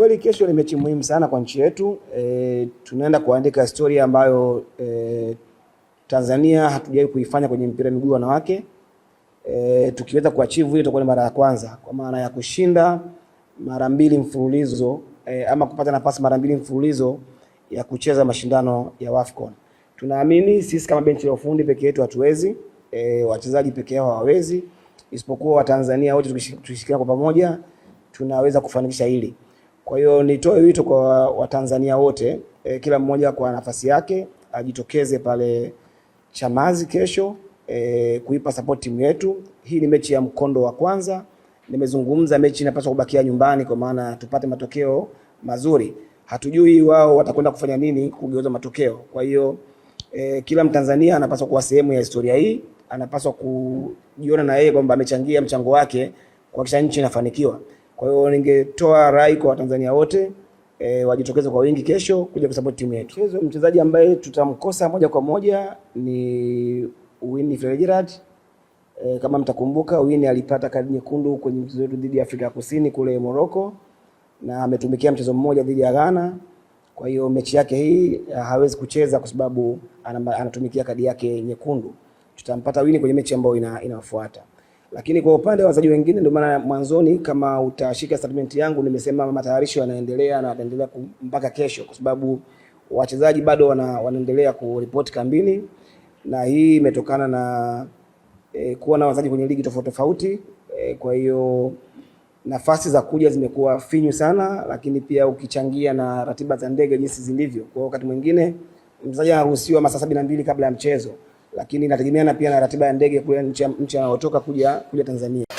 kweli kesho ni mechi muhimu sana kwa nchi yetu. E, tunaenda kuandika historia ambayo e, Tanzania hatujawahi kuifanya kwenye mpira miguu wanawake. E, tukiweza kuachieve hiyo itakuwa ni mara ya kwanza, kwa maana ya kushinda mara mbili mfululizo e, ama kupata nafasi mara mbili mfululizo ya kucheza mashindano ya WAFCON. Tunaamini sisi kama benchi la ufundi peke yetu hatuwezi, e, wachezaji peke yao hawawezi, isipokuwa Watanzania wote tukishikana kwa pamoja tunaweza kufanikisha hili. Kwa hiyo nitoe wito kwa Watanzania wote e, kila mmoja kwa nafasi yake ajitokeze pale Chamazi kesho e, kuipa support timu yetu. Hii ni mechi ya mkondo wa kwanza. Nimezungumza mechi inapaswa kubakia nyumbani, kwa maana tupate matokeo mazuri. Hatujui wao watakwenda kufanya nini kugeuza matokeo. Kwa hiyo e, kila Mtanzania anapaswa kuwa sehemu ya historia hii, anapaswa kujiona na yeye kwamba amechangia mchango wake kuhakikisha nchi inafanikiwa. Kwa hiyo ningetoa rai kwa Watanzania wote e, wajitokeze kwa wingi kesho kuja kusupport timu yetu. Mchezaji ambaye tutamkosa moja kwa moja ni Winifred Gerald. E, kama mtakumbuka Wini alipata kadi nyekundu kwenye mchezo wetu dhidi ya Afrika ya Kusini kule Morocco na ametumikia mchezo mmoja dhidi ya Ghana. Kwa hiyo mechi yake hii e, hawezi kucheza kwa sababu anatumikia kadi yake nyekundu. Tutampata Wini kwenye mechi ambayo inayofuata. Lakini kwa upande wa wazaji wengine, ndio maana mwanzoni, kama utashika statement yangu, nimesema matayarisho yanaendelea na yanaendelea mpaka kesho, kwa sababu wachezaji bado wana, wanaendelea kuripoti kambini, na hii imetokana na e, kuwa na wachezaji kwenye ligi tofauti tofauti. E, kwa hiyo nafasi za kuja zimekuwa finyu sana, lakini pia ukichangia na ratiba za ndege jinsi zilivyo, kwa wakati mwingine mchezaji anaruhusiwa masaa sabini na mbili kabla ya mchezo lakini inategemeana pia na ratiba ya ndege kule nchi anayotoka kuja kuja Tanzania.